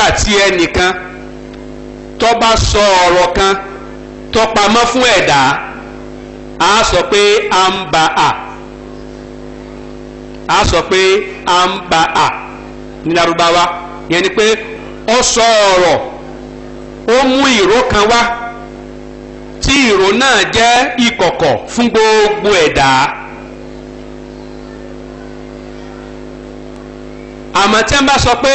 nígbà tí ẹnìkan tó bá sọ ọ̀rọ̀ kan tó fún ẹ̀dá a sọ pé a ń ba a a sọ pé a ń ba a ní Lárúbáwá yẹn ni pé ọ sọ ọ̀rọ̀ ó mú ìró kan wá tí ìró náà jẹ́ ìkọ̀kọ̀ fún gbogbo ẹ̀dá. àmọ́ tí wọ́n bá sọ pé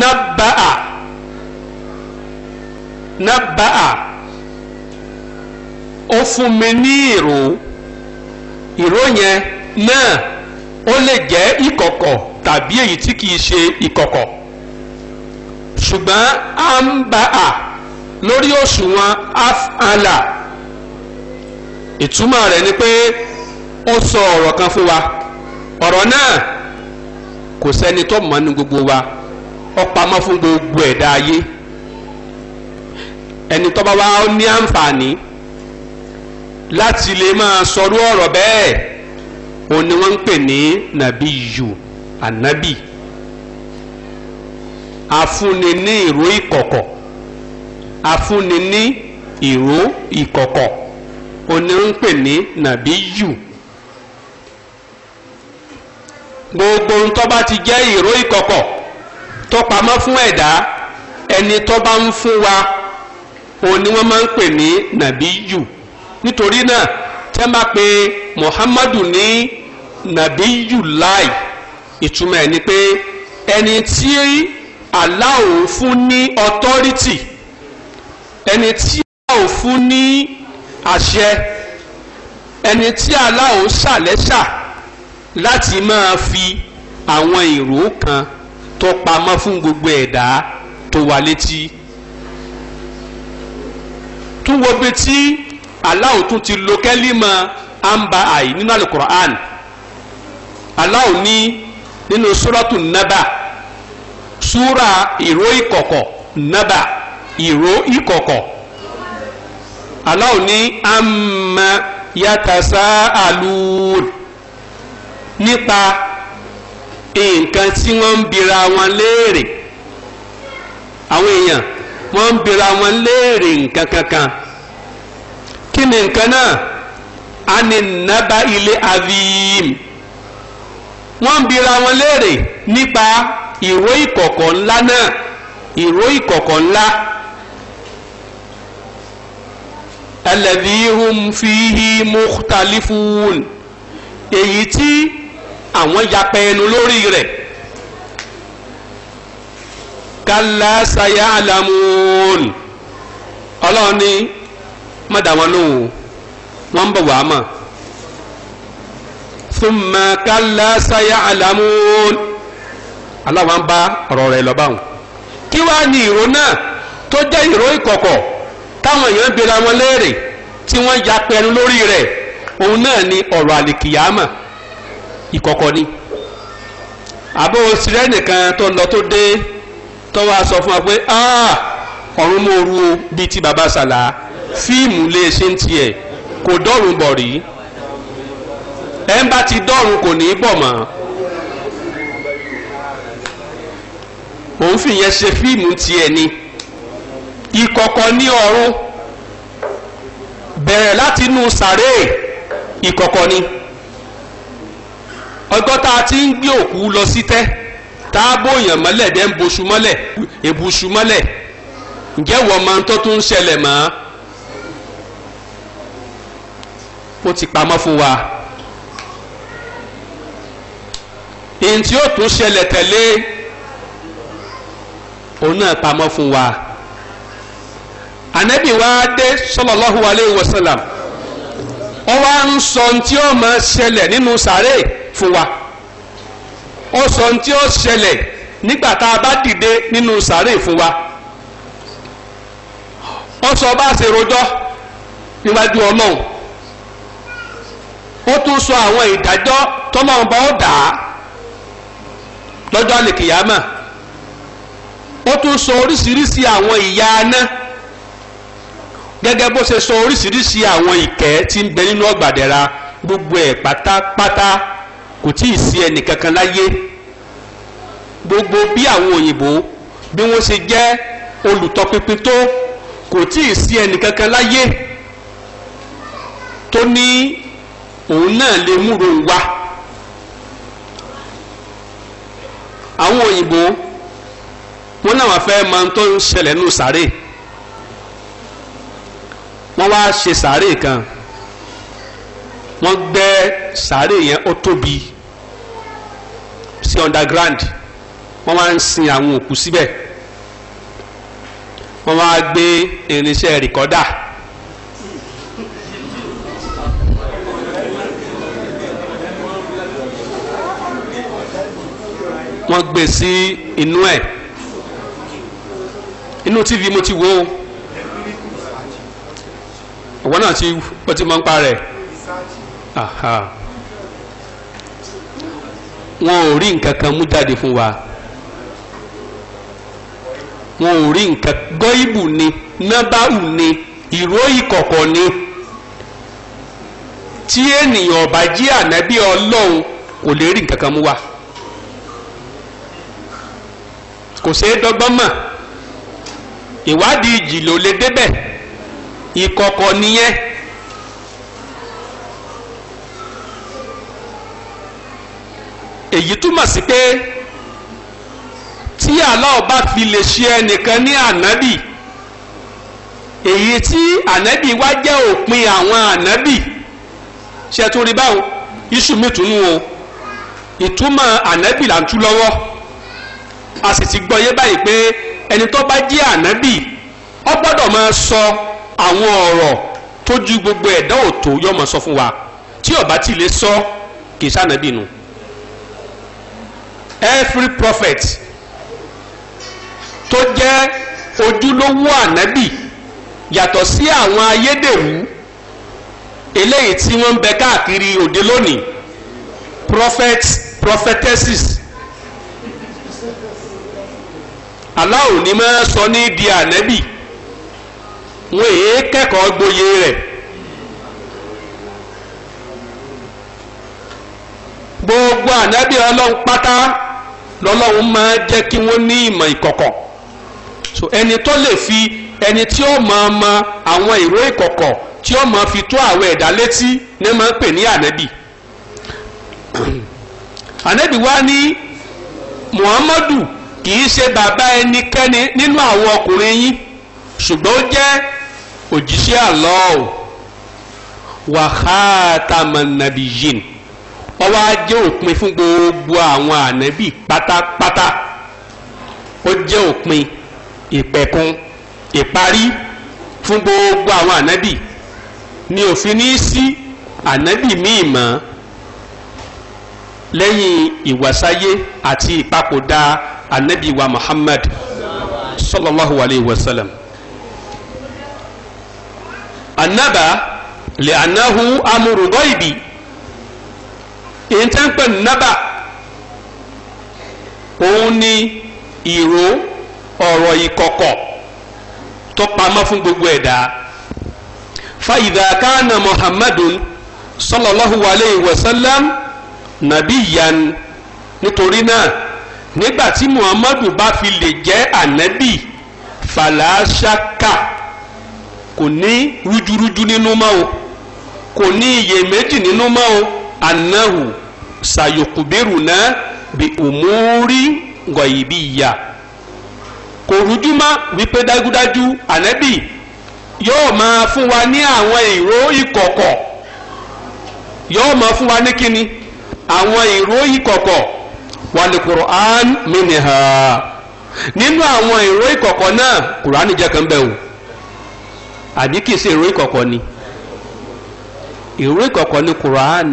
Nabaa, nabaa, ó fún mi ní ìró ìró yẹn náà ó lè jẹ́ ìkọ̀kọ̀ tàbí èyí tí kìí ṣe ìkọ̀kọ̀ ṣùgbọ́n amba'a lórí òṣùwọ̀n af'ala ìtumọ̀ rẹ̀ ni pé ó sọ ọ̀rọ̀ kan fún wa ọ̀rọ̀ náà kò sẹ́ni tó mọ̀ ní gbogbo wa ọpamọ́ fún gbogbo ẹ̀dá ayé ẹni tó wa ní àǹfààní láti lè máa sọrú ọ̀rọ̀ bẹ́ẹ̀ ni wọ́n ń pè ní nàbí yù ànábì afúnni ní ìró ìkọ̀kọ̀ afúnni ní ìró ìkọ̀kọ̀ ni wọ́n ń pè ní gbogbo ohun ti jẹ́ ìró ìkọ̀kọ̀. tó pamọ́ fún ẹ̀dá ẹni tó bá ń fún wa òun ni wọ́n máa ń pè ní nàbíyù nítorí náà tẹ́ máa pe Muhammadu ní nàbíyù láì ìtumọ̀ ẹ̀ ni pé ẹni tí Allah fún ní authority ẹni tí Allah ó fún ní àṣẹ ẹni tí Allah ṣàlẹ́ṣà láti máa fi àwọn ìró kan tó pamọ́ fún gbogbo ẹ̀dá tó wà létí tún wo bí tí Allah tún ti lo kẹ́límọ̀ amba àyè nínú alukur'an Allah ní nínú suratu naba súra ìró ìkọ̀kọ̀ naba ìró ìkọ̀kọ̀ Allah ní amma yatasaalun nípa nǹkan tí wọ́n ń bira wọn léèrè àwọn èèyàn wọ́n ń bira wọn léèrè nǹkan kankan kí ni nǹkan náà a ní nàbà ilé avim wọ́n ń bira wọn léèrè nípa ìró ìkọ̀kọ̀ ńlá náà ìró ìkọ̀kọ̀ ńlá alladhihum fihi mukhtalifun èyí tí àwọn yapa ẹnu lórí rẹ̀ kálá sayá àlàmùn ọlọ́run ní mọ̀dà wọn lóhùn wọ́n ń bọ̀ wá mọ̀ thumma kálá sayá àlàmùn aláwọn bá ọ̀rọ̀ rẹ̀ lọ báwọn kí wàá ní ìró náà tó jẹ́ ìró ìkọ̀kọ̀ táwọn èèyàn bira wọn léèrè tí wọ́n yapa ẹnu lórí rẹ̀ òun náà ni ọ̀rọ̀ àlìkìyàmà ìkọ̀kọ̀ ni àbó sirẹ́ nìkan tó lọ tó dé tó wá sọ fún wa pé ah, ọ̀run mòru o bíi ti baba sàlá fíìmù lè ṣe ń tiẹ̀ kò dọ́rùn bọ̀ rí ẹ̀ ń bá ti dọ́rùn kò ní í bọ̀ mọ́ òun fìyẹn ṣe fíìmù tiẹ̀ ni ìkọ̀kọ̀ ní ọ̀run bẹ̀rẹ̀ láti inú sàréè ìkọ̀kọ̀ ni. Orun, Ọgọta ti ń gbé òkú lọ sí tẹ́ tá mọ́lẹ̀ dẹ́ ń boṣu mọ́lẹ̀ èbùṣu mọ́lẹ̀ ǹjẹ́ wọ́n máa ń tó ń ṣẹlẹ̀ mọ́ ti pamọ́ fún wa èyí tí ó tún ṣẹlẹ̀ tẹ̀lé òun náà wa anabi wa dé sallallahu alayhi wa sallam ó wá ń sọ ohun tí ó máa ṣẹlẹ̀ fún wa ó sọ ohun tí ó ṣẹlẹ̀ nígbà tá a bá dìde nínú sàárè fún wa ó sọ bá a ṣe rojọ́ níwájú ọlọ́run ó tún sọ àwọn ìdájọ́ tọ́lọ́run bá ó dà á lọ́jọ́ àlèkìyàmà ó tún sọ oríṣiríṣi àwọn ìyà aná gẹ́gẹ́ bó ṣe sọ oríṣiríṣi àwọn ìkẹ́ tí ń bẹ nínú ọgbàdẹ̀ra gbogbo ẹ̀ pátápátá kò tí ì sí ẹnì kankan láyé gbogbo bí àwọn òyìnbó bí wọ́n ṣe jẹ́ olùtọpinpin tó kò tí ì sí ẹnì kankan láyé tó ní òun náà lè múro wá àwọn òyìnbó wọ́n náà wá fẹ́ máa tó ń ṣẹlẹ̀ nù sáré wọ́n wá ṣe sáré kan wọ́n gbẹ́ sáré yẹn ó tóbi sí underground wọ́n máa ń sin àwọn òkú síbẹ̀ wọ́n máa gbé irinṣẹ́ rìkọ́dà wọ́n gbé sí inú ẹ̀ inú tv mo ti wo ọ̀wọ́ náà ti pẹ́ tí mo ń pa rẹ̀. Aha. wọn ò rí nǹkan kan mú jáde fún wa wọn ò rí nǹkan gọ́ìbù ni nábàrù ni ìró ìkọ̀kọ̀ ni tí ènìyàn ọba jí ànábì ọlọ́run kò lè rí nǹkan kan mú wa kò ṣeé dọ́gbọ́n mọ̀ ìwádìí ìjì ló lè débẹ̀ ìkọ̀kọ̀ nìyẹn. èyí túmọ̀ sí pé tí Allah bá fi lè ṣe ẹnìkan ní ànábì èyí tí ànábì wá jẹ́ òpin àwọn ànábì ṣe tó rí báwo iṣu mi tún nù o ìtumọ̀ ànábì là ń tú lọ́wọ́ a sì ti gbọ́ yé báyìí pé ẹni tó bá jẹ́ ànábì ó gbọ́dọ̀ máa sọ àwọn ọ̀rọ̀ tó ju gbogbo ẹ̀dá òtò yọmọ sọ fún wa tí ó ti lè sọ kì í sànábì nù. No every prophet tó jẹ́ ojúlówó ànábì yàtọ̀ sí àwọn ayédèrú eléyìí tí wọ́n ń bẹ káàkiri òde lónìí prophets prophetesses Allah ò ní máa sọ ní di ànábì wọn èé kẹ́kọ̀ọ́ gboyè rẹ̀ gbogbo ànábì ọlọ́run pátá lọ́lọ́run máa jẹ́ kí wọ́n ní ìmọ̀ ìkọ̀kọ̀ so ẹni tó lè fi ẹni tí ó máa ma àwọn ìró ìkọ̀kọ̀ tí ó máa fi tó àwọn ẹ̀dá létí ní máa ń pè ní ànẹ́bì ànẹ́bì wá ní Muhammadu kì í ṣe bàbá ẹnikẹ́ni nínú àwọn ọkùnrin yín ṣùgbọ́n ó jẹ́ òjíṣẹ́ Allah wàhátàmọ̀nàbìyìn ọwọ́ á jẹ́ òpin fún gbogbo àwọn ànábì pátápátá ó jẹ́ òpin ìpẹ̀kun ìparí fún gbogbo àwọn ànábì ni òfin ní sí ànábì míì mọ́ lẹ́yìn ìwàsáyé àti ìpapòdà ànábì wa Muhammad sallallahu alayhi wa sallam annaba li anahu amuru ghaibi èyí tẹ́ ń pè nábà òun ni ìró ọ̀rọ̀ ìkọ̀kọ̀ tó pamọ́ fún gbogbo ẹ̀dá fàyìdà kánà muhammadun sallallahu alayhi wa sallam nabiyan nítorí náà nígbà tí muhammadu bá fi lè jẹ́ ànábì fàlàṣàkà kò ní rújurúju nínú mọ́ o kò ní iyèméjì nínú mọ́ o. annahu sayukubiruna bi umuri gọ̀yìbíyà kò rújúmọ́ wípé dájúdájú ànábì yóò máa fún wa ní àwọn ìró ìkọ̀kọ̀ yóò máa fún wa ní kíni àwọn ìró ìkọ̀kọ̀ wà ní Qur'an mìnìhà nínú àwọn ìró ìkọ̀kọ̀ náà Qur'an jẹ́ kan bẹ́ẹ̀ o àbí kìí ṣe ìró ìkọ̀kọ̀ ni ìró ìkọ̀kọ̀ ni Qur'an.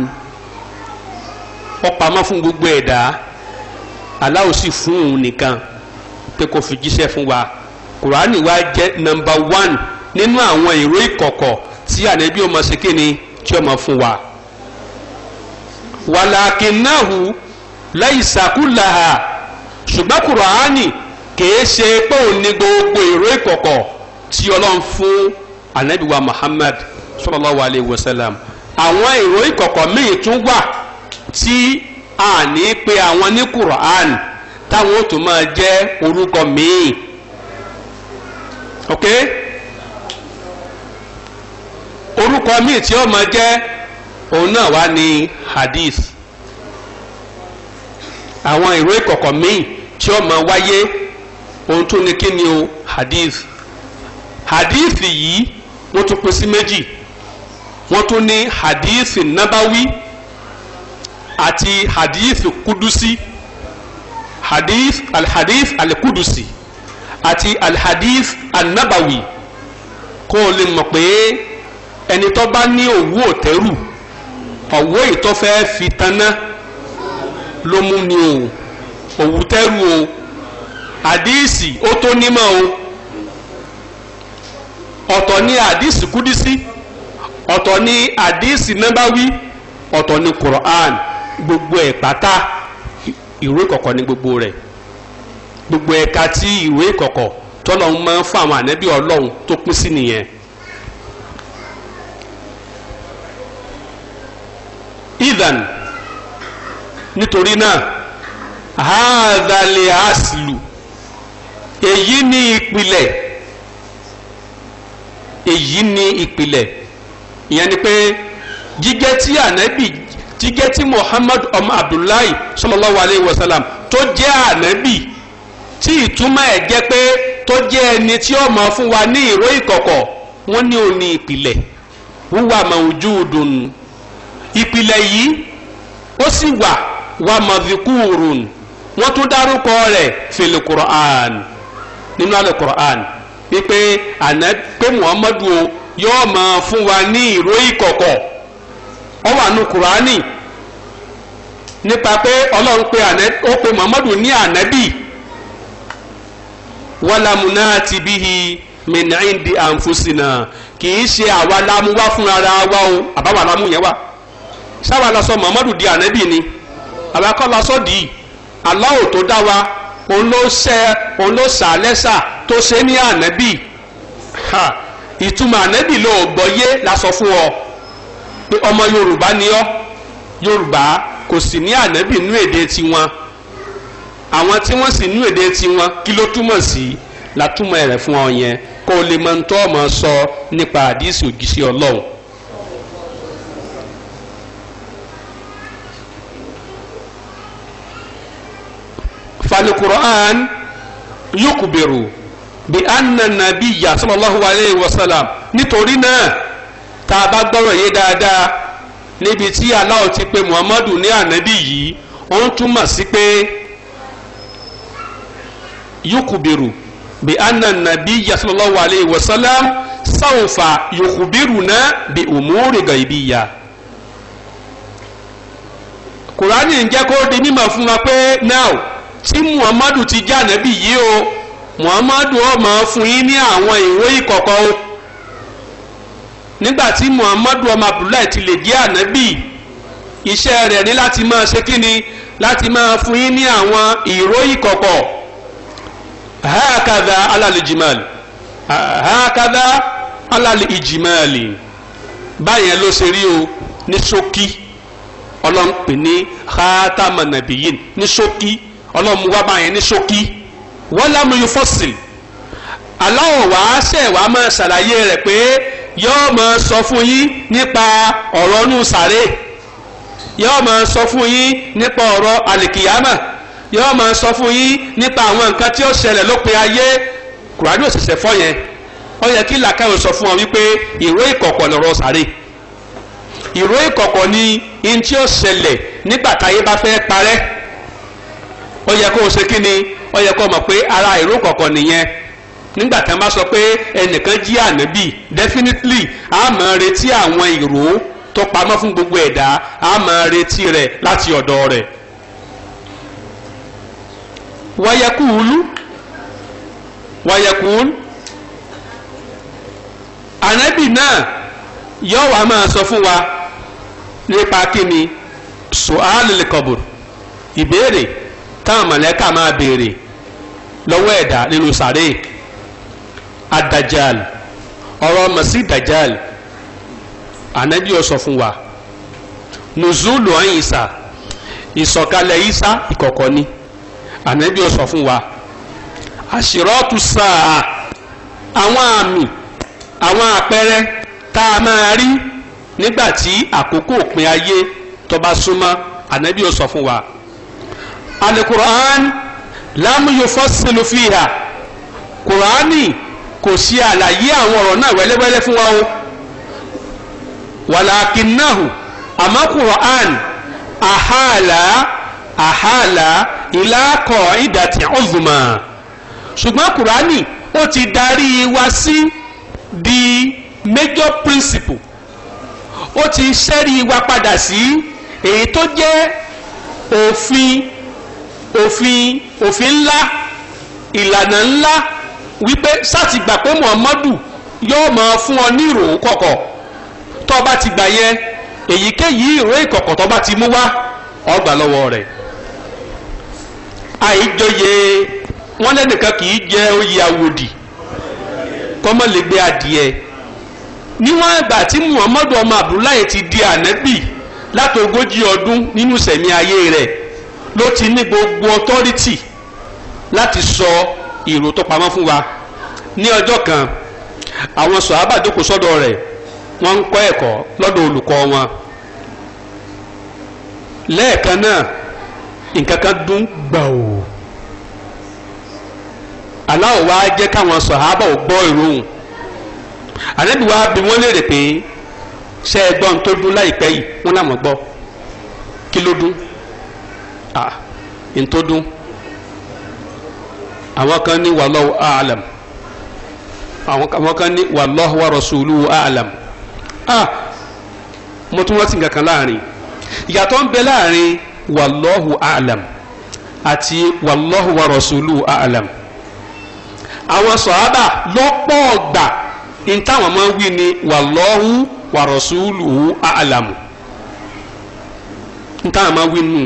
ó pamọ́ fún gbogbo ẹ̀dá Allah ó sì fún òun nìkan pé kó fi jíṣẹ́ fún wa kùránì wa jẹ́ nọ́mbà wán nínú àwọn ìró ìkọ̀kọ̀ tí ànábì ọmọ sèkéni tí ọmọ fún wa. wàlàkìnnáhù laysa kullaha ṣùgbọ́n kùránì kìí ṣe pé òun ní gbogbo ìró ìkọ̀kọ̀ tí ọlọ́run fún ànábì wa Muhammad sallallahu alayhi wa sallam àwọn ìró ìkọ̀kọ̀ míì tún wà. tí a ní pe àwọn ní Quran táwọn ó tún máa jẹ́ orúkọ míì ok orúkọ míì tí ó máa jẹ́ òun náà wá ní hadith àwọn ìró ìkọ̀kọ̀ míì tí ó máa wáyé ohun tó ní kí ni o hadith hadith yìí wọ́n tún pín sí méjì wọ́n tún ní hadith nabawi. àti hadith kudusi hadith alhadith alikudusi àti alhadith anabawi kó o lè mọ̀ pé ẹni tó bá ní òwú òtẹ́rù ọ̀wọ́ ìtọ́fẹ́ fi taná ló mú ni o òwú tẹ́rù o àdíìsì ó tó nímọ̀ o ọ̀tọ̀ ni àdíìsì kúdísí ọ̀tọ̀ ni àdíìsì nábáwí ọ̀tọ̀ ni Qur'an gbogbo ẹ̀ pátá ìró ìkọ̀kọ̀ ní gbogbo rẹ̀ gbogbo ẹ̀ka tí ìró ìkọ̀kọ̀ tọ́lọ́hún máa ń fún àwọn ànábì ọlọ́hun tó pín sí nìyẹn. idan nítorí náà haadhali aslu èyí ni ìpìlẹ̀ èyí ni ìpìlẹ̀ ìyẹn ni pé jíjẹ́ tí ànábì tí jẹ́ tí muhammad ọmọ abdullahi sallallahu alayhi wa sallam tó jẹ́ ànábì tí ìtumọ̀ ẹ̀ jẹ́ pé tó jẹ́ ẹni tí ó máa fún wa ní ìró ìkọ̀kọ̀ wọ́n ní òní ìpìlẹ̀ wúwà mawjudun ìpìlẹ̀ yìí ó sì wà wà madhkurun wọ́n tún dárúkọ rẹ̀ fil Qur'an nínú àlẹ́ Qur'an wípé àná pé muhammadu yóò máa fún wa ní ìró ìkọ̀kọ̀. ọ wà nù kùránì nípa pé ọlọ́run pé ó pe muhammadu ní ànábì wàlámùná ti bíhi min indi anfusina kì í ṣe àwa lamu wá fún fúnra wa o àbáwá lámú yẹn wà sáwà la sọ muhammadu di ànábì ni àwa kọ́ la sọ di aláwò tó dá wa òun ló ṣe òun ló ṣà lẹ́ṣà tó ṣe ní ànábì ìtumọ̀ ànábì ló gbọ́ yé la sọ fún ọ. pé ọmọ yorùbá ni ọ́ yorùbá kò sì ní ànábì nú èdè tiwọn àwọn tí wọ́n sì nú èdè tiwọn kí ló túmọ̀ sí látúmọ̀ rẹ̀ fún ọ yẹn kó o lè mọ ọmọ sọ nípa àdìsí bi anna alayhi wa sallam nítorí náà tá a bá gbọ́rọ̀ yé dáadáa níbi tí Allah ti pe Muhammadu ní ànábì yìí ó ń túmọ̀ sí pé yukubiru bi anna nabi sallallahu alayhi wa sallam sawfa yukubiruna bi umuri gaibiya kurani ń jẹ́ kó di mímọ̀ fún wa pé now tí muhammadu ti jẹ́ ànábì yìí o muhammadu ó máa fún yín ní àwọn ìwé ìkọ̀kọ̀ o nígbà tí muhammadu ọmọ abdullahi ti lè jẹ́ ànábì iṣẹ́ rẹ̀ ni láti máa ṣe kíni láti máa fún yín ní àwọn ìró ìkọ̀kọ̀ hákàdá alálìjìmáàlì hákàdá alálìjìmáàlì báyẹn ló ṣe rí o ní ṣókí ọlọ́npẹ̀ ní hátámànàbíyìn ní ṣókí ọlọ́mùwá báyẹn ní ṣókí wọ́n lámúyú fọ́sìl aláwọ̀ wá ṣẹ̀ wá máa ṣàlàyé rẹ̀ pé yóò máa sọ fún yín nípa ọ̀rọ̀ nù sàré yóò máa sọ fún yín nípa ọ̀rọ̀ àlìkìyámà yóò máa sọ fún yín nípa àwọn nǹkan tí ó ṣẹlẹ̀ lópin ayé kùràdì òṣìṣẹ́ fọ́ yẹn ó yẹ kí làkàyò sọ fún ọ wípé ìró ìkọ̀kọ̀ lọ̀rọ̀ sàré ìró ìkọ̀kọ̀ ni ihun tí ó ṣẹlẹ̀ nígbà táyé bá fẹ́ parẹ́ ó yẹ kó o ṣe kí ni ó yẹ kó o mọ̀ pé ara ìró ìkọ̀kọ̀ nìyẹn nígbà tí wọ́n bá sọ pé ẹnìkan jí ànábì definitely a máa retí àwọn ìró tó pamọ́ fún gbogbo ẹ̀dá a máa retí rẹ̀ láti ọ̀dọ̀ rẹ̀ wayakulu wayakul ànábì náà yóò wá máa sọ fún wa nípa kíni su'alil qabr ìbéèrè táwọn mọ̀lẹ́kà máa béèrè lọ́wọ́ ẹ̀dá nínú sàréè adajal ọ̀rọ̀ masi dajal anabi ó sọ fún wa nùzúlù ayinsa ìsọ̀kalẹ̀ isa ìkọ̀kọ̀ ni anabi ó sọ fún wa àṣìrọ́tù sáà àwọn àmì àwọn àpẹẹrẹ tá a máa rí nígbà tí àkókò òpin ayé tó bá súnmọ́ anabi ó fún wa alukur'an lamuyo fọ́sílù fìhà kò sí àlàyé àwọn ọ̀rọ̀ náà wẹ́lẹ́wẹ́lẹ́ fún wa o wàlàkínnáhù àmọ́ Qur'an àhàlà àhàlà ìlàkọ̀ ìdàtì ọ̀zùmọ̀ ṣùgbọ́n Qur'ani ó ti darí wa sí di major principle ó ti ṣẹ́rí wa padà sí èyí tó jẹ́ òfin òfin òfin ńlá ìlànà ńlá wípé sáti gbà pé muhammadu yóò máa fún ọ ní ìròyìn kọ̀kọ̀ tó o bá ti gbà yẹn èyíkéyìí ìròyìn kọ̀kọ̀ tó o bá ti mú wá o gbà lọ́wọ́ rẹ̀ àìjọyè wọn lẹ́nìkan kì í jẹ oyè àwòdì kọ́mọ́légbé adìẹ níwọ̀n ìgbà tí muhammadu ọmọ abdullahi ti di ànábì látogójì ọdún nínú sẹ̀mí ayé rẹ̀ ló ti ní gbogbo ọtọ́rítì láti sọ ìró tó pamọ́ fún wa ní ọjọ́ kan àwọn sọ̀hábà jókòó sọ́dọ̀ rẹ̀ wọ́n ń kọ́ ẹ̀kọ́ lọ́dọ̀ olùkọ́ wọn lẹ́ẹ̀kan náà nǹkan kan dún gbàù aláwọ̀ wá jẹ́ káwọn sọ̀hábà ò gbọ́ ìròhùn ànábì wa bí wọ́n léèrè pé ṣé ẹ gbọ́n tó dún láìpẹ́ yìí wọ́n làwọn gbọ́ kí ló dún ah n tó dún àwọn kan ní wallahu a'lam àwọn kan ní wallahu wa rasuluhu a'lam ah mo tún wọ́n sì kankan láàrin ìyàtọ̀ ń bẹ láàrin wallahu a'lam àti wallahu wa rasuluhu àwọn sọ̀hábà lọ́pọ̀ ọ̀gbà ní táwọn máa ń wí ni wallahu wa rasuluhu a'lam ní táwọn máa ń wí nù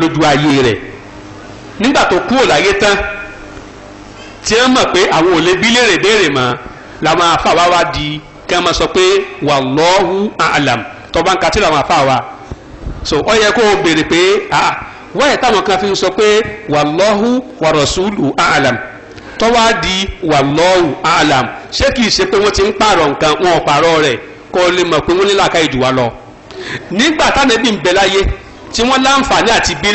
lójú ayé rẹ̀ nígbà tó kúrò láyé tán tí wọ́n mọ̀ pé àwọn ò lè bí béèrè mọ́ làwọn afa wa di kí wọ́n máa sọ pé wallahu a'lam tọ́ba ń ka làwọn afa so ọ yẹ kó o béèrè pé ah wáyé táwọn kan fi ń sọ pé wallahu wa rasulu a'lam tọ́wá di wallahu a'lam ṣé kìí ṣe pé wọ́n ti ń pààrọ̀ nǹkan wọn ò pààrọ̀ rẹ̀ kó o lè mọ̀ pé wọ́n ní làákàyè jù wá lọ nígbà táwọn ẹbí ń bẹ láyé tí wọ́n láǹfààní àti bí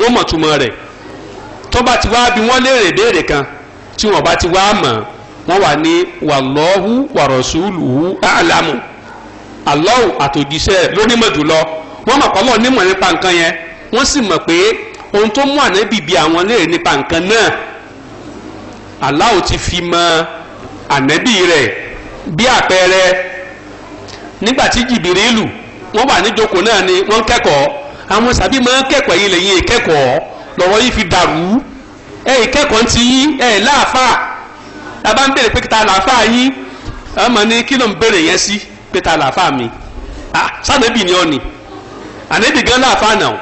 wọ́n mọ̀ túmọ̀ rẹ̀ tó bá ti wá bí wọ́n léèrè béèrè kan tí wọ́n bá ti wá mọ̀ wọ́n wà ní wàlọ́hù wàrọ̀sùlùhù àlámù àlọ́hù àtòjíṣẹ́ lónímọ̀ jùlọ wọ́n mọ̀ pọ́lọ́ nímọ̀ nípa nǹkan yẹn wọ́n sì mọ̀ pé ohun tó mú ànábì bí àwọn léèrè nípa nǹkan náà aláwo ti fi mọ ànábì rẹ̀ bí àpẹẹrẹ nígbà tí jìbìrìlù wọ́n wà níjókòó náà ni wọ́n kẹ́kọ̀ọ́ àwọn sàbí máa kẹ́kọ̀ọ́ yìí lẹ́yìn ìkẹ́kọ̀ọ́ lọ́wọ́ yìí fi dàrú ẹ̀ ìkẹ́kọ̀ọ́ ti yín ẹ̀ láàfà tàbá ń béèrè pé kí ta làáfà yín ọmọ ní kí ló ń béèrè yẹn sí pé ta làáfà mi sànẹ́bì ni ọ ni ànẹ́bì gan láàfà náà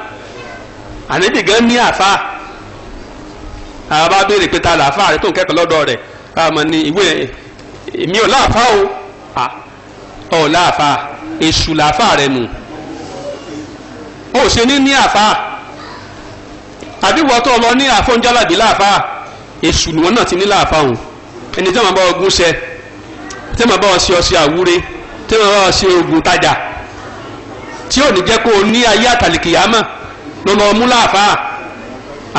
ànẹ́bì gan ní àfà àbá béèrè pé ta làáfà rẹ tó ń kẹ́kọ̀ọ́ lọ́dọ̀ rẹ̀ ọmọ ní ìwé èmi ò láàfà o ọ̀ láàfà èṣù làáfà rẹ nù o ò ṣe ní ní àfa àbí wọ́n lọ ní àfọ̀njálàbí láàfa èṣù ni wọ́n náà ti ní láàfa òun ẹni tí wọ́n bá ọgún ṣe tí wọ́n bá ọ ṣe ọṣẹ àwúre tí wọ́n bá ọ ṣe oògùn tajà tí ò ní jẹ́ kó o ní ayé àtàlìkìyàmọ̀ ló lọ mú láàfa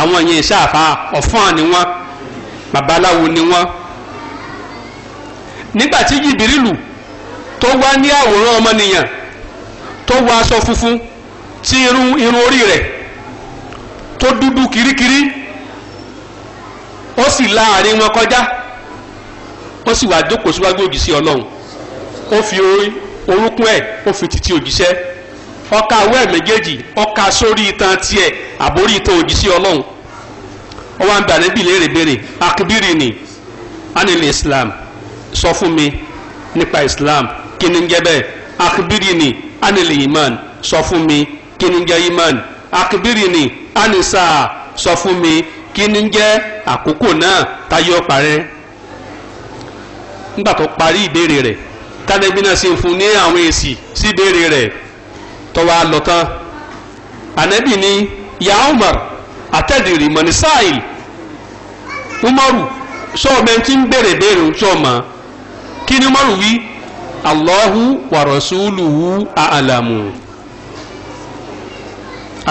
àwọn yẹn ṣáàfa ọ̀fọ́n ni wọ́n babaláwo ni wọ́n nígbà tí jìbìrìlù tó wá ní àwòrán ọmọnìyàn tó wọ aṣọ funfun tí irun irun orí rẹ̀ tó dúdú kirikiri ó sì la àárín wọn kọjá ó sì wá jókòó síwájú òjíṣẹ́ Ọlọ́run ó fi orúnkún ẹ̀ ó fi títí òjíṣẹ́ ọka awọ méjèèjì ọka sórí itan tiẹ̀ àbórí itan òjíṣẹ́ Ọlọ́run ó wá ń bẹ ànábì léèrè akibiri ni anil Islam sọ fún mi nípa Islam kí ni ń jẹ́ bẹ́ẹ̀ akibiri ni anil iman sọ fún mi kini ni iman akibiri ni anisa sọ fún mi kí ni jẹ́ àkókò náà táyọ̀ parẹ́ nígbà tó parí ìbéèrè rẹ̀ tádébí náà sì fún ní àwọn èsì sí ìbéèrè rẹ̀ tó wá lọ tán ànábì ni ya umar àtẹ̀dìrì mọ̀nísáìl umaru sọ́ọ̀bẹ tí ń béèrè béèrè sọ́ọ̀mà kí umaru wí allahu wa rasuluhu a'lamu.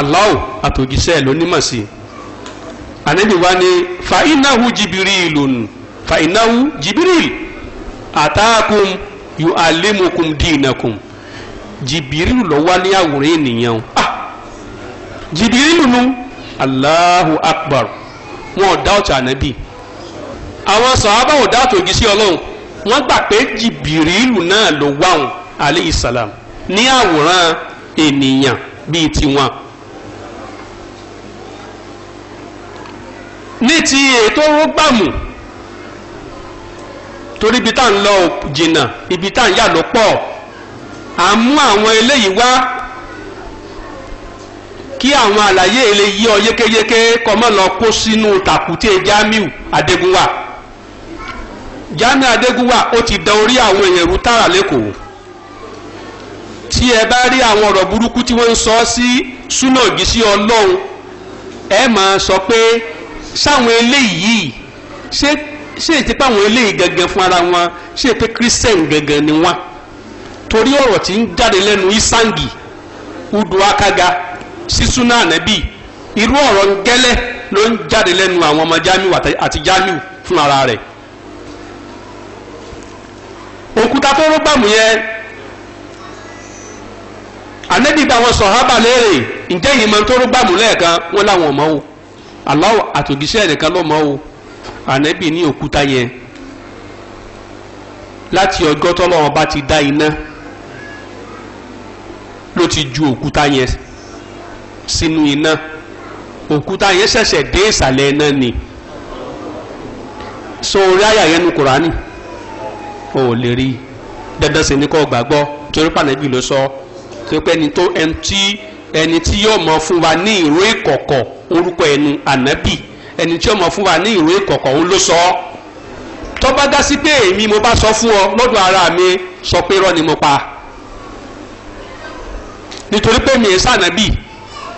Allahu àtòjíṣẹ́ ló nímọ̀ sí i ànábì wa ni fàínáhu jibirilun fàínáhu jibiril àtàkùn yu alimukum dinakum jibiril ló wá ní àwòrán ènìyàn ah jibiril nu Allahu akbar wọn ò dá ọ̀tá ànábì àwọn sàhábà ò dá àtòjíṣẹ́ ọlọ́run wọ́n gbà pé jibirilu náà ló wáhùn aleyhi salam ní àwòrán ènìyàn bíi tiwọn ní ti ètò rúgbàmù torí ibi tá à ń lọ jìnnà ibi tá à ń yà ló pọ̀ à ń mú àwọn eléyìí wá kí àwọn àlàyé èlé yí ọ yékéyéké kọmọ lọ kó sínú tàkùté Jamiu Adégúnwà Jamiu Adégúnwà ó ti dán orí àwọn èèyàn rú tààrà lẹ́kọ̀ọ́ tí ẹ bá rí àwọn ọ̀rọ̀ burúkú tí wọ́n ń sọ sí súnà ògì sí ẹ máa sọ pé sáwọn eléyìí ṣé ṣé ètí pàwọn eléyìí gangan fún ara wọn ṣé èpè christian gangan ni wọn torí ọrọ tí ń jáde lẹ́nu isangi udu akaga sísúná ànábì irú ọ̀rọ̀ ngẹ́lẹ́ ló ń jáde lẹ́nu àwọn ọmọ jamiu àti jamiu fún ara rẹ̀ òkúta tó rọ́gbàmù yẹn ànábì bá wọn sọ̀hábà léèrè ǹjẹ́ ìyìnbọn tó rọ́gbàmù lẹ́ẹ̀kan wọn làwọn ọmọ wò. Allah àtògíṣẹ́ nìkan ló mọ̀ o ànábì ní òkúta yẹn láti ọjọ́ tọ́lọ́wọ́n bá ti dá iná ló ti ju òkúta yẹn sínú iná òkúta yẹn ṣẹ̀ṣẹ̀ dé ìsàlẹ̀ iná ni so orí àyà yẹn nu Kùránì o ò lè rí dandan sí ni kò gbàgbọ́ torí pànẹ́bí ló sọ pé ẹni tí yóò mọ̀ fún wa ní ìró ìkọ̀kọ̀ orúkọ ẹnu ànábì ẹni tí ọmọ fún wa ní ìwé kọ̀ọ̀kan òun ló sọ ọ́ tọ́ba dá sí pé èmi mo bá sọ fún ọ lọ́dọ̀ ara mi sọ pé irọ́ ni mo pa nítorí pé mi ì sànábì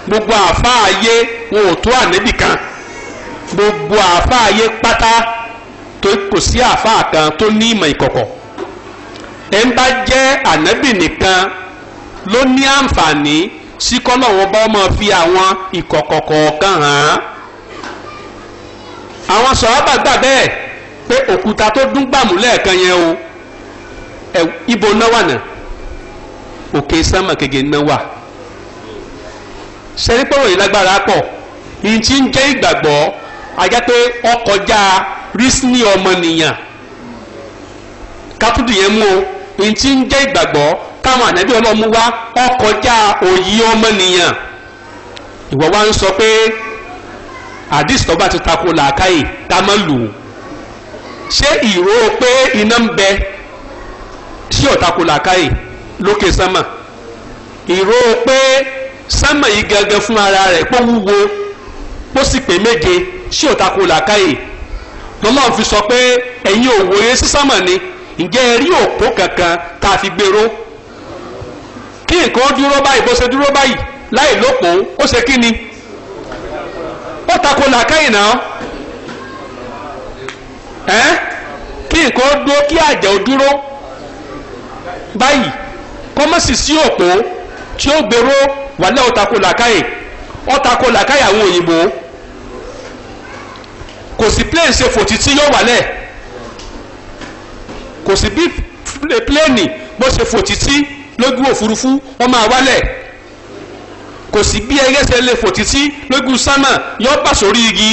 gbogbo àáfàá ayé wọn ò tó ànábì kan gbogbo àáfàá ayé pátá tó kò sí àáfàá kan tó ní ìmọ̀ ìkọ̀kọ̀ ẹ̀ ń bá jẹ́ ànábì nìkan ló ní àǹfààní sí kọ́lọ́wọ́ bá ọmọ fi àwọn ìkọ̀kọ̀ kọ̀ọ̀kan hàn án àwọn sọ̀rọ̀bà gbà bẹ́ẹ̀ pé òkúta tó dún gbàmù lẹ́ẹ̀kan yẹn o ẹ ibo náà wà náà òkè sámà kéke náà wà sẹ́rípọ̀rọ̀ yìí lágbára pọ̀ yìí ti ń jẹ́ ìgbàgbọ́ ajá pé ọkọjá rísíní ọmọnìyàn kátúndì yẹn mú o yìí ti ń jẹ́ ìgbàgbọ́ táwọn ànábì ọlọ́mú wá ọkọjá òyì ọmọnìyàn ìwọ wa ń sọ pé àdìsí tó bá ti tako làákàyè tá máa lù ú ṣé ìró pé iná ń bẹ sí ọ̀tako làákàyè lókè sánmà ìró pé sánmà yìí gangan fún ara rẹ̀ pé wúwo ó sì pé méje sí ọ̀tako làákàyè lọ́lọ́run fi sọ pé ẹ̀yin òwòye sí sánmà ni ǹjẹ́ ẹ rí òpó kankan tá a fi gbèrò kí nǹkan dúró báyìí bó ṣe dúró báyìí láì lóko ó ṣe kí ni ó tako làákàyè náà ẹ kí nǹkan dúró kí àjà ó dúró báyìí kọ́mọ́sì sí òpó tí ó gbèrò wàlẹ́ ó tako làákàyè ó tako làákàyè àwọn òyìnbó kò sí plane ṣe fòtí tí yóò wálẹ̀ kò sí bí pléènì bó ṣe fòtí tí lójú òfurufú wọ́n máa wálẹ̀ kò sí bí ẹgẹ́sẹ̀ lè fò títí lójú sámà yọ bà sórí igi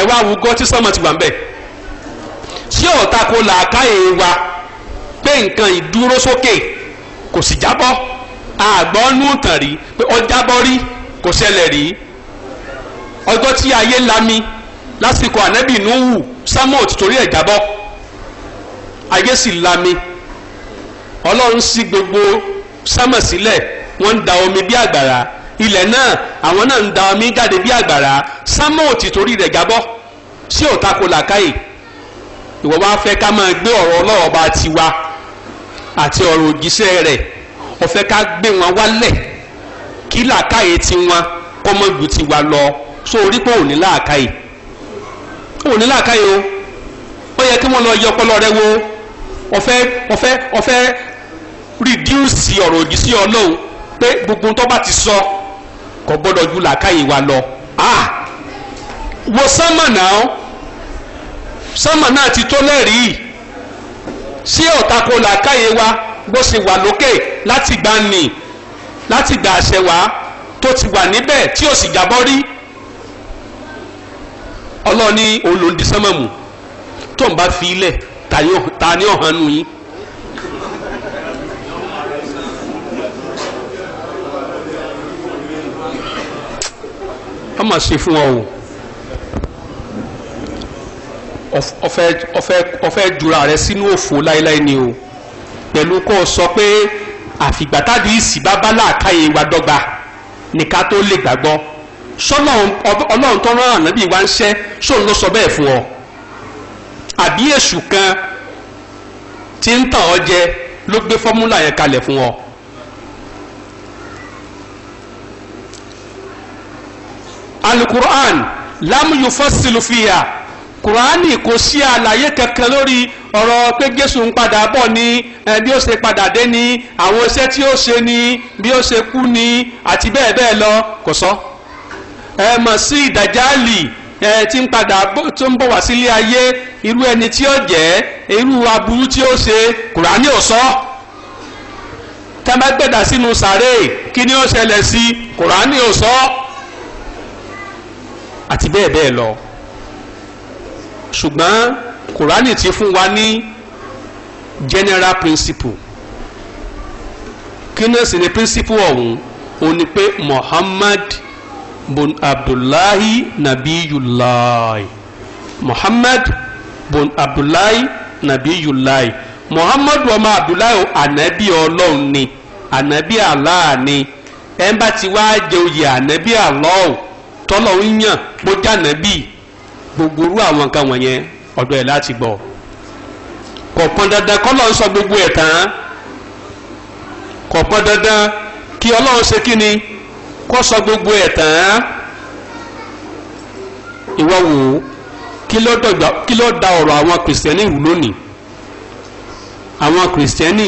ẹ̀wá awùgọ́ tí sámà ti wà ń bẹ̀ tí ọ̀tá kò làákà èèwà pé nǹkan ìdúró sókè kò sì jábọ́ àgbọ̀nú tàn rí pé ó rí kò ṣẹlẹ̀ rí ọjọ́ tí ayé lami lásìkò ànábì Nuhu Samuel torí ẹ̀ jábọ́ ayé sì lami ọlọ́run sí gbogbo sámọ̀ sílẹ̀ wọ́n ń da omi bí àgbàrá ilẹ̀ náà àwọn náà ń da omi jáde bí àgbàrá sámọ̀ ò ti torí rẹ̀ jábọ́ sí ọ̀tá kò làkàyè ìwọ wá fẹ́ ká máa gbé ọ̀rọ̀ ọlọ́wọ́ bá ti wa àti ọ̀rọ̀ òjíṣẹ́ rẹ̀ ó fẹ́ ká gbé wọn wálẹ̀ kí làkàyè ti wọn kọ́mọ́gbù ti wa lọ so orí pé òní làákàyè òní làákàyè o ó yẹ kí wọ́n lọ yọ ọpọlọ rẹ wo ọ̀fẹ́ ọ̀fẹ́ ọ̀fẹ́ Reduce ọ̀rọ̀ òdì sí ọlọ́run pé gbogbo tó bá ti sọ kò gbọ́dọ̀ ju làákàyè wa lọ. Ah! wo sánmà náà sánmà náà ti tó lẹ́rìí sí ọ̀tako làákàyè wa bó ṣe wà lókè láti gbà nì láti gbà àṣẹ wá tó ti wà níbẹ̀ tí ò sì jábọ́ rí ọlọ́ọ̀ni òun ló ń di sánmà mú tó ń bá fi ilẹ̀ ta ni ọ̀hánú yín. wọ́n mà ṣe fún ọ o ọfẹ ọfẹ ọfẹ jura rẹ sínú òfò láéláé ni o pẹ̀lú kó o sọ pé àfìgbà tádìí ìsì bá bá làákàyè wa dọ́gba nìka tó lè gbàgbọ́ sọ́nà ọlọ́run tó ànábì wa ń ṣẹ́ sóun ló sọ bẹ́ẹ̀ fún ọ àbí èṣù kan tí ń tàn ọ jẹ ló gbé fọ́múlà yẹn kalẹ̀ fún ọ. alukur'an lam yufassilu fiya kùránì kò sí àlàyé kankan lórí ọ̀rọ̀ pé jésù ń padà bọ̀ ni bí ó ṣe padà dé ni àwọn iṣẹ́ tí ó ṣe ni bí ó ṣe kú ni àti bẹ́ẹ̀ bẹ́ẹ̀ lọ kò sọ. ẹ mọ̀ sí ìdájálì ẹ tí ń padà tó ń bọ̀ wá sílé ayé irú ẹni tí ó jẹ́ irú aburú tí ó ṣe kùránì ò sọ. tẹ́mẹ́gbẹ̀dà sínú sàréè kí ni ó ṣẹlẹ̀ sí kùránì ò sọ. So àti bẹ́ẹ̀ bẹ́ẹ̀ lọ ṣùgbọ́n kùránì ti fún wa ní general principle kí náà ni principle ọ̀hún ó ní pé Muhammad bun Abdullahi nabiyullahi Muhammad bun Abdullahi nabiyullahi Muhammad ọmọ Abdullahi ànábì ọlọ́run ni ànábì Allah ni ẹ̀ ń bá ti wá jẹ oyè ànábì Allah tọ́lọ̀ ń yàn bó jànà bíi gbogbo irú àwọn nǹkan wọ̀nyẹn ọ̀dọ̀ dandan kọ́ sọ gbogbo ẹ̀ tán dandan kí ọlọ́run ṣe kí ni gbogbo ẹ̀ tán ìwọ wò ó kí ló da ọ̀rọ̀ àwọn kìrìsìtẹ́nì rú lónìí àwọn kìrìsìtẹ́nì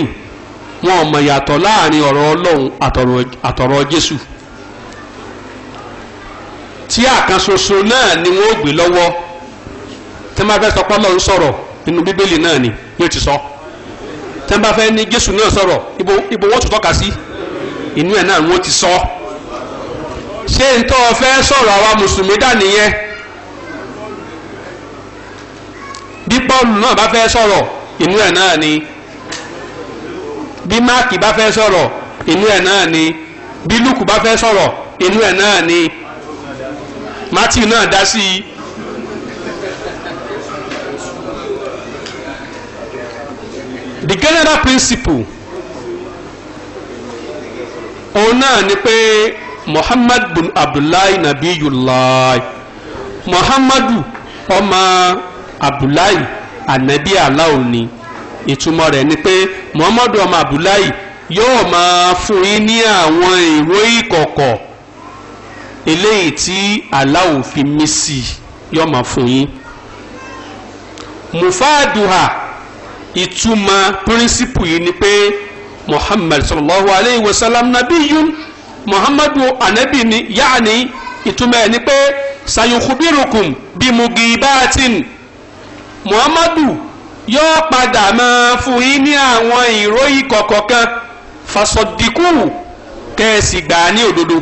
wọn tí àkàn náà ni wọn ó gbé lọ́wọ́ tí wọ́n bá sọ pé bíbélì náà ni yóò ti sọ tí wọ́n bá fẹ́ Jésù náà sọ̀rọ̀ ibo wọ́n tún tọ́ka sí inú ti sọ ṣé n fẹ́ sọ̀rọ̀ àwa mùsùlùmí dà nìyẹn bí Pọ́ọ̀lù náà bá fẹ́ sọ̀rọ̀ inú ẹ̀ náà ni bí Máàkì bá fẹ́ sọ̀rọ̀ inú ẹ̀ náà ni bí Lúùkù bá fẹ́ sọ̀rọ̀ inú ni. matthew náà dá sí i. the general principle òun náà ni pé muhammad bin abdullahi nabiyullahi muhammadu ọmọ abdullahi anabi aláwo ni ìtumọ̀ rẹ̀ ni pé muhammadu ọmọ abdullahi yóò máa fún yín ní àwọn ìròyìn kọ̀ọ̀kọ̀ọ̀ eléyìí tí aláwo fi mí sí yóò máa fún yín mufaaduha ìtumọ̀ píríncípù yìí ni pé muhammad sallallahu alayhi wa sallam nabiyun muhammadu anabi ni yaani ìtumọ̀ ẹ̀ ni pé sayukubirukum bimugibatin muhammadu yóò padà máa fún yín ní àwọn ìròyìn kọ̀ọ̀kan fasọ̀dìkù kẹ́ẹ̀sì gbà ní òdodo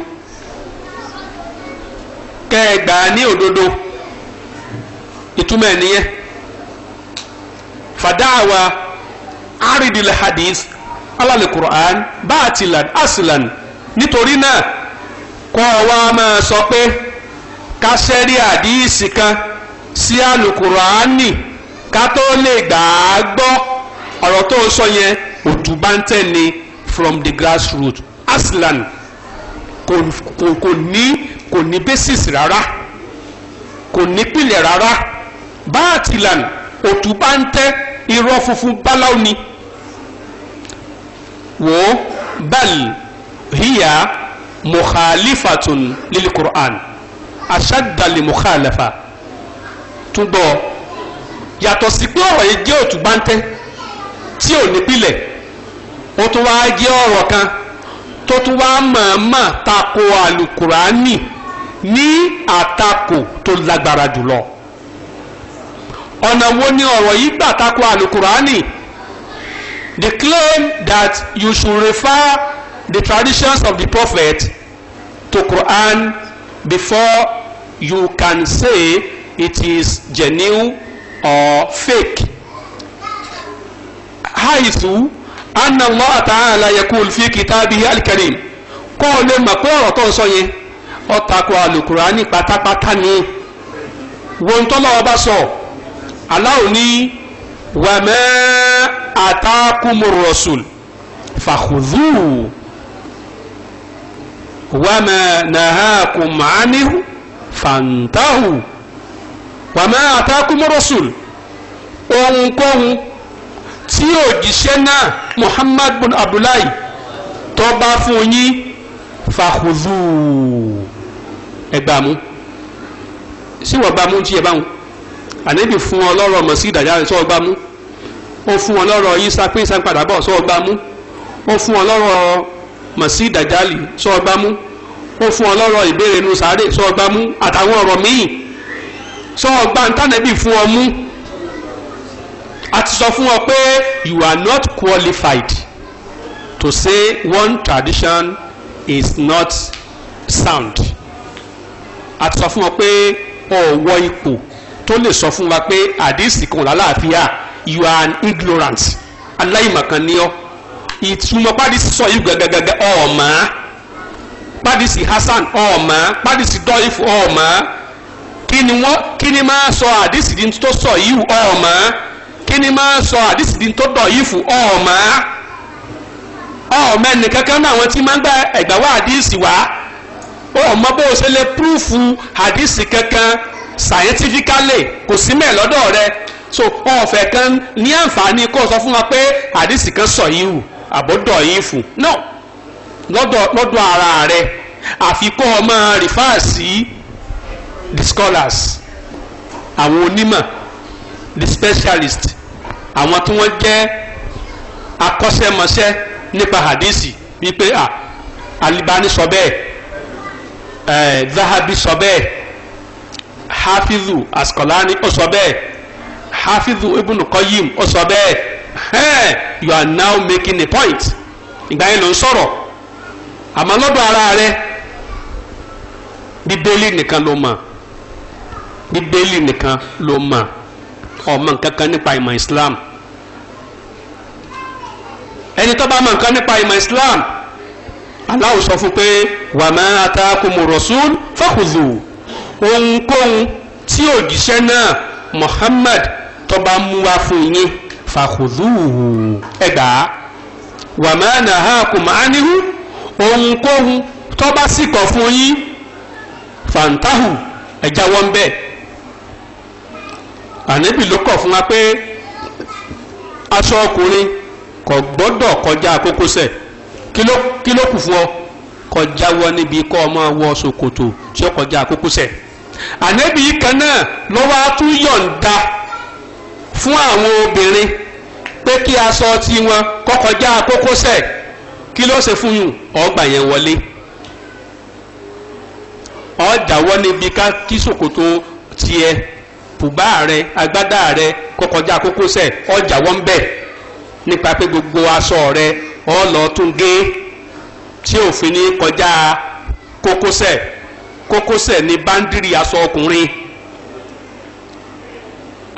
kẹ́ ẹ gbà á ní òdodo ìtumọ̀ ẹ̀ nìyẹn fàdáàwà hadith alálẹ̀ Qur'an báàtìlàn asilan nítorí náà kọ́ ọ wá máa sọ pé ká ṣẹ́rí àdíìsì kan sí àlùkùránì ká tó lè gbà á gbọ́ ọ̀rọ̀ tó sọ yẹn òtúbáńtẹ́ ni from the grassroots aslan kò ní kò ní basis rárá kò ní pìlẹ̀ rárá báàtìlàn òtún bá ń tẹ́ irọ́ funfun báláwo ni wò ó bal hiya mukhalifatun lil Qur'an aṣáàdàlè mukhalafa túbọ̀ yàtọ̀ sí pé ọ̀rọ̀ yìí jẹ́ òtún bá ń tẹ́ tí ò ní pìlẹ̀ ó tún wáá jẹ́ ọ̀rọ̀ kan tó tún wá mọ̀ọ́mọ̀ tako alukurani ní àtakò tó lágbára jùlọ ọ̀nà wo ni ọ̀rọ̀ yìí gbà tako alukurani the claim that you should refer the traditions of the prophet to Quran before you can say it is genuine or fake. haisu anna allah ta'ala yakul fi kitabihi alkarim kó o lè mọ̀ pé ọ̀rọ̀ tó ń sọ yẹn ó tako alukurani pátápátá ni wọn tọ́lọ́ ọba sọ aláwo ní wàmẹ́ àtàkùmùrọ̀sùl fàkùdùù wàmẹ́ nàhàkùmánihù fàǹtàhù wàmẹ́ àtàkùmùrọ̀sùl ohunkóhun tí òjíṣẹ́ náà Muhammad bin Abdullahi tó bá fún yín fàkùzù ẹgbàmú sí wọ́n gbàmú tí ẹ báwọn ànábì fún ọ lọ́rọ̀ mọ̀ sí ìdájà rẹ̀ sọ́ọ́ gbàmú ó fún ọ lọ́rọ̀ yíṣà pé ìṣàn padà bọ̀ sọ́ọ́ gbàmú ó fún ọ lọ́rọ̀ mọ̀ sí ìdájà rẹ̀ sọ́ọ́ gbàmú ó fún ọ lọ́rọ̀ ìbéèrè inú sáré sọ́ọ́ gbàmú àtàwọn ọ̀rọ̀ míì sọ́ọ́ gbàǹtànẹ́bì fún ọ mú a ti sọ fún ọ pé you are not qualified to say one tradition is not sound a ti sọ fún ọ pé ọ̀wọ́ ipò tó lè sọ fún wa pé àdìsí kan lálàáfíà you are an ignorant aláìmọ̀kan ni ọ́ ìtumọ̀ pàdísì sọ yìí gẹ́gẹ́gẹ́gẹ́ ọ̀ọ́mà pàdísì hasan ọ̀ọ́mà pàdísì dọ́ìf ọ̀ọ́mà kí ni wọ́n kí ni máa sọ àdìsí tó sọ yìí ọ̀ọ́mà kí ni máa sọ àdìsí di tó dọ̀ yìí fún ọ̀ọ́mà ọ̀ọ́mà ẹnìkankan náà àwọn tí máa ń gba ẹ̀gbà wá àdìsí wá ọ̀ọ́mà bó o ṣe lè púrúfù àdìsí kankan scientifically kò sí mẹ́ẹ̀ lọ́dọ̀ rẹ so ọ̀fẹ́ kan ní àǹfààní kó o sọ fún wa pé àdìsí kan sọ yìí wù àbọ̀dọ̀ yìí fún no lọ́dọ̀ ara rẹ àfikún ọmọ rìfáà sí the scholars àwọn onímọ̀ the specialists àwọn tí wọ́n jẹ́ akọ́ṣẹ́mọṣẹ́ nípa hadisi wípé à sọ bẹ́ẹ̀ ẹ̀ eh, Zahabi sọ bẹ́ẹ̀ Hafizu Askolani ó sọ bẹ́ẹ̀ Hafizu Ibn Qayyim ó sọ bẹ́ẹ̀ hey, you are now making a point ìgbà yẹn ló ń sọ̀rọ̀ àmọ́ lọ́dọ̀ ara rẹ bíbélì nìkan ló mọ̀ bíbélì nìkan ló mọ̀ ọmọ nǹkan kan nípa ìmọ̀ Islam ẹni tó bá mọ nǹkan nípa ìmọ̀ Islam Allah sọ fún pé wa ma atakumu rasul fakhudhu ohunkóhun tí òjíṣẹ́ náà Muhammad tó bá mú wá fún yín fakhudhu ẹgbà wa ma nahakum anhu ohunkóhun tó bá sì kọ̀ fún yín fantahu ẹja wọn bẹ ànábì ló kọ̀ fún wa pé aṣọ ọkùnrin kò gbọ́dọ̀ kọjá kókósẹ̀ kí ló kù fún ọ kọjá wọ níbi kọ́ ọmọ wọ ṣòkòtò tí ó kọjá kókósẹ̀ ànẹ́bí kan náà ló wá tún yọ̀ǹda fún àwọn obìnrin pé kí aṣọ tiwọn kó kọjá kókósẹ̀ kí ló ṣe fún yùn ọgbà yẹn wọlé ọjàwọ́ níbi ká kí ṣòkòtò tiẹ̀ bùbá rẹ agbádá rẹ kó kọjá kókósẹ̀ ọjàwọ́ ń bẹ̀ nípa pé gbogbo aṣọ rẹ ọ lọ tún gé tí òfin ní kọjá kókósẹ̀ kókósẹ̀ ní báńdírì aṣọ ọkùnrin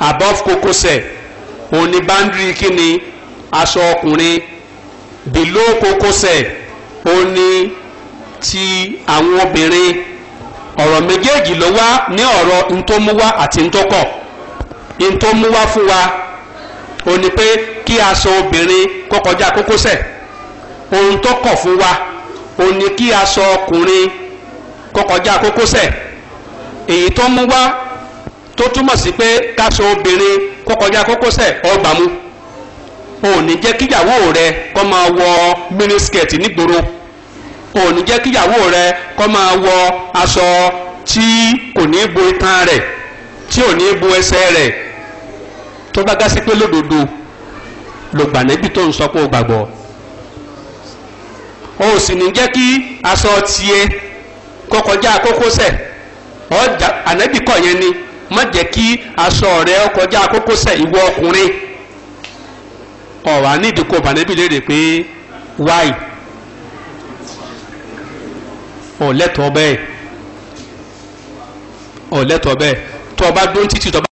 above kókósẹ̀ òun ní báńdírì kíni aṣọ ọkùnrin below kókósẹ̀ òun ní ti àwọn obìnrin ọ̀rọ̀ méjèèjì ló wá ní ọ̀rọ̀ ntòmúwá àti ntòkọ̀ ntòmúwá fún wa. Ni ó ní pé kí aṣọ obìnrin kó kọjá kókósẹ̀ ohun tó kọ̀ fún wa ó ní kí aṣọ ọkùnrin kó kọjá kókósẹ̀ èyí tó mú wá tó túmọ̀ sí pé káṣọ obìnrin kó kọjá kókósẹ̀ ọgbàmú ò ní jẹ́ kíyàwó rẹ kó máa wọ mínísíkẹ̀tì nígboro ò ní jẹ́ kíyàwó rẹ kó máa wọ aṣọ tí kò ní bo itan rẹ̀ tí ò ní bo ẹsẹ̀ rẹ̀ tó bá gásí pé lódodo ló gbà níbi tó ń sọ pé ó gbàgbọ́ o ò sì ní jẹ́ kí aṣọ tiẹ̀ kó kọjá kókósẹ̀ ọjà ànábì kọ̀ yẹn ni má jẹ́ kí aṣọ rẹ̀ ó kọjá kókósẹ̀ ìwọ ọkùnrin ọ̀wà nídìí kó bànábì léèrè pé wáì ọ̀lẹ́tọ̀ bẹ́ẹ̀ ọ̀lẹ́tọ̀ bẹ́ẹ̀ tó o bá dún títí tó o bá.